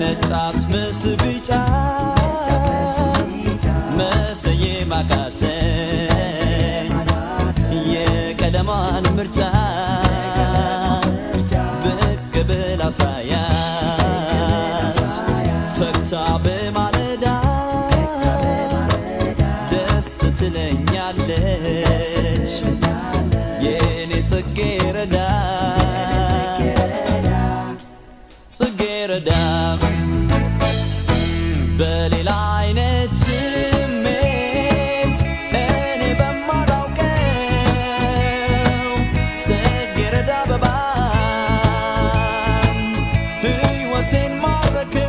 ነጫት ምስ ቢጫ መሰዬ ማካተ የቀደማን ምርጫ ብቅ ብላ ሳያች ፈግታ በማለዳ ደስ ትለኛለች የእኔ ጽጌ ረዳ! በሌላ አይነት ስሜት እኔ በማላውቀው ጽጌረዳ አበባ ሕይወቴን ማረከ